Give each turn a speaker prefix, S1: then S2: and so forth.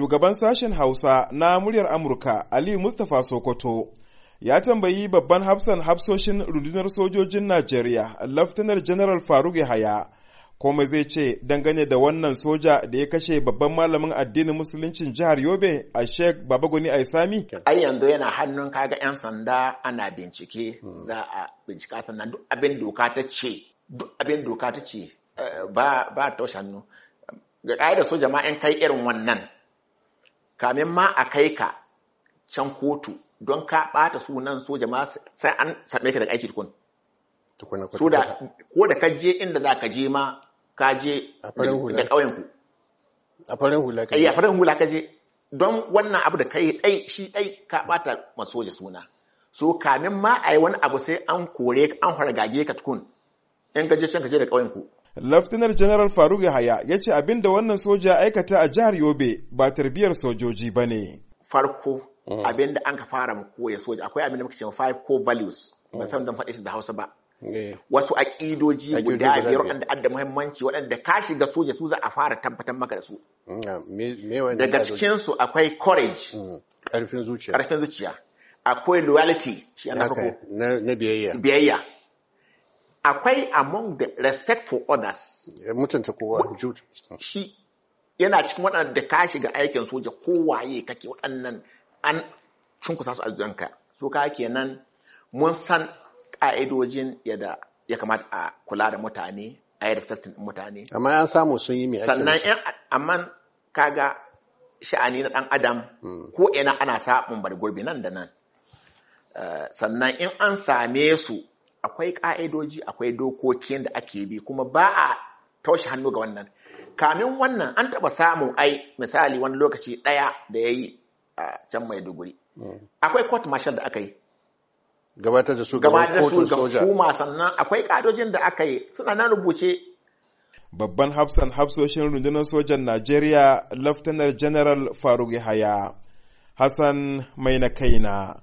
S1: shugaban sashen hausa na muryar amurka ali mustapha sokoto ya tambayi babban hafsan hafsoshin rundunar sojojin najeriya laftanar general faruk yahaya komai zai ce dangane da wannan soja da ya kashe babban malamin addinin musuluncin jihar yobe a sheik babagoni aisami ai yanzu yana hannun
S2: kaga yan sanda ana bincike za a bincika sannan duk abin doka ta ce duk abin doka ta ce eh, ba ta hannu ga soja ma in kai irin wannan kamin ma a kai ka can kotu don ka bata sunan soja ma sai an same ka daga aiki tukun so da ko da ka je inda za ka je ma ka je da ƙauyen ku a farin hula ka je eh, a farin hula ka je don wannan abu da kai dai shi dai ka bata ma soja suna so kamin ma a yi wani abu sai an kore an hargage ka tukun in ka je can ka je da ƙauyen ku
S1: Laftinar General Faruk Yahaya ya ce abin da wannan soja aikata a jihar Yobe ba tarbiyar sojoji ba ne.
S2: Farko mm. abin da an ka fara mu koya soja akwai abin da muka ce five core values mm. ba san dan faɗe shi da Hausa ba. Eh. Wasu aƙidoji guda biyar waɗanda adda muhimmanci waɗanda ka shiga soja su za a fara tabbatar maka da su. Mm, Daga cikin su akwai courage. Ƙarfin zuciya. Ƙarfin zuciya. Akwai loyalty shi na Na biyayya. Biyayya. akwai among the respect for others ya mutunta kowa jude shi yana cikin waɗanda ka shiga aikin soja kowaye kake waɗannan an cunkusa su aljanka so ka kenan mun san ƙa'idojin yadda ya kamata a kula da mutane a yi respectin mutane amma an samu sun yi mai sannan yan amma kaga sha'ani na ɗan adam hmm. ko ina ana samun bargurbi nan da nan eh, sannan in an same su akwai ƙa'idoji, akwai dokokin da ake bi kuma ba a taushe hannu ga wannan kamin wannan an taɓa samu ai misali wani lokaci ɗaya da ya yi a can maiduguri hmm. akwai court martial da aka yi
S1: gabatar da su kotun
S2: sannan akwai ƙa'idojin da aka yi suna nan rubuce
S1: babban hafsan hafsoshin rundunar sojan najeriya laftanar general faruk yahaya hassan mai na kaina